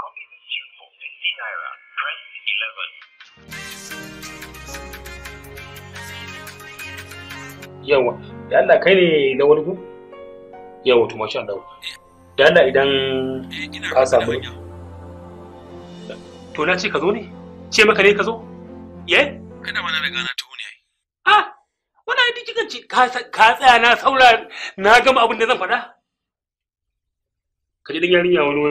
copies is due for 50 naira. Press 11. Yawa, da Allah kai ne na wani gun? Yawa, to masha Allah. Da Allah idan ka samu To na ce ka zo ne? Ce maka ne ka zo? Ye? Kada mana riga na tuhu ne Ah, wannan duk kika ce ka tsaya na saura na gama abin da zan faɗa? Ka ji dan yarinya wani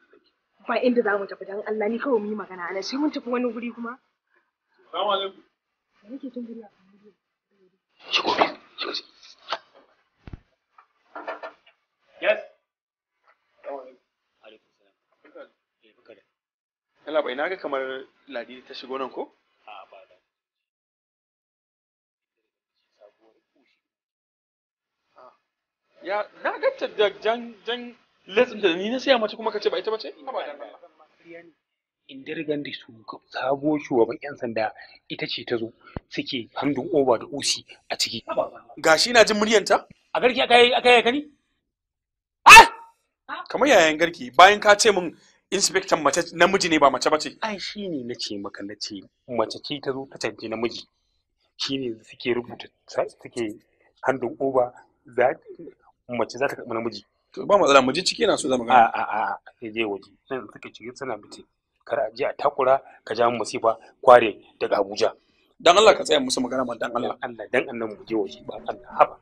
ba inda za mu tafi dan Allah ni kawai mu yi magana ana sai mun tafi wani guri kuma Assalamu alaikum me nake tun guri a kan guri shigo bi shigo yes eh, Allah bai naga kamar Ladi ta shigo nan ko? A ba da. Ah. Ya na ga ta da jan jan Let's da ni na siya mace kuma ka ce ba ita bace? Ba da In dirigan da su ka sabo shugaban yan sanda ita ce ta zo suke handun over da usi a ciki. Gashi na jin muryanta? A garki aka yi aka yi kani? Kamar yayan garki bayan ka ce min inspector mace namiji ne ba mace bace. Ai shine na ce maka na ce mace ce ta zo ta canje namiji. Shine suke rubuta suke handun over mace za ta karɓi namiji. to ba matsala mu ji ciki na so zama gani a a a sai je waje nan suke ciki suna biti kar a je a takura ka ja musiba kware daga Abuja dan Allah ka tsaya musu magana man dan Allah Allah dan annabi mu je waje ba Allah haba